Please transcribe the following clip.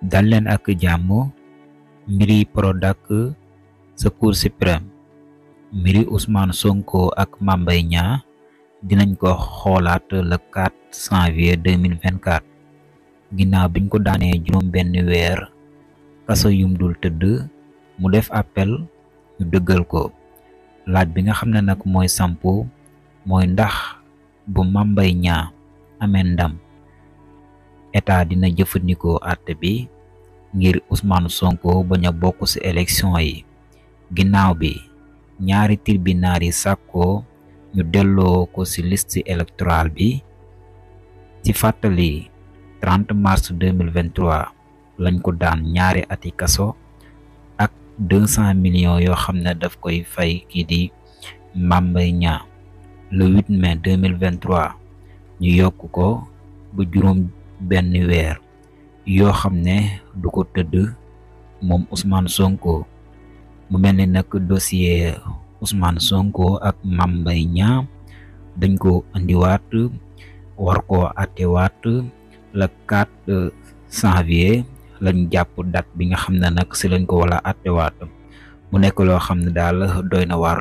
dalen ak jamu, miri produk sekur supreme. miri usman Sonko ak mambaynya. Mbaye dinañ ko xolat le 4 janvier 2024 ginnaaw biñ ko dané juroom benn weer kaso yum dul teud mu def appel ñu deggal ko laaj bi nga xamné nak moy sampo moy ndax bu mambaynya, nya amendam état dina jëfëndiko àtte bi ngir Ousmane Sonko baña bokku ci élection yi ginnaw bi ñaari tribunal yi sakko ñu delloo ko ci liste électorale bi ci fatali 30 mars 2023 lañ ko daan ñaari ati kasso ak 200 millions yo xamne daf koy fay ki di Mambay Nia le 8 mai 2023 ñu yokk ko bu benn weer yoo xam ne du ko tëdd moom Ousmane Sonko mu mel ni nag dossier Ousmane Sonko ak mam Mbaye Niang dañ ko indiwaat war ko àttewaat le 4 janvier lañ jàpp dat bi nga xam ne nag si lañ ko wala àttewaat mu nekk loo xam ne daal doy na waar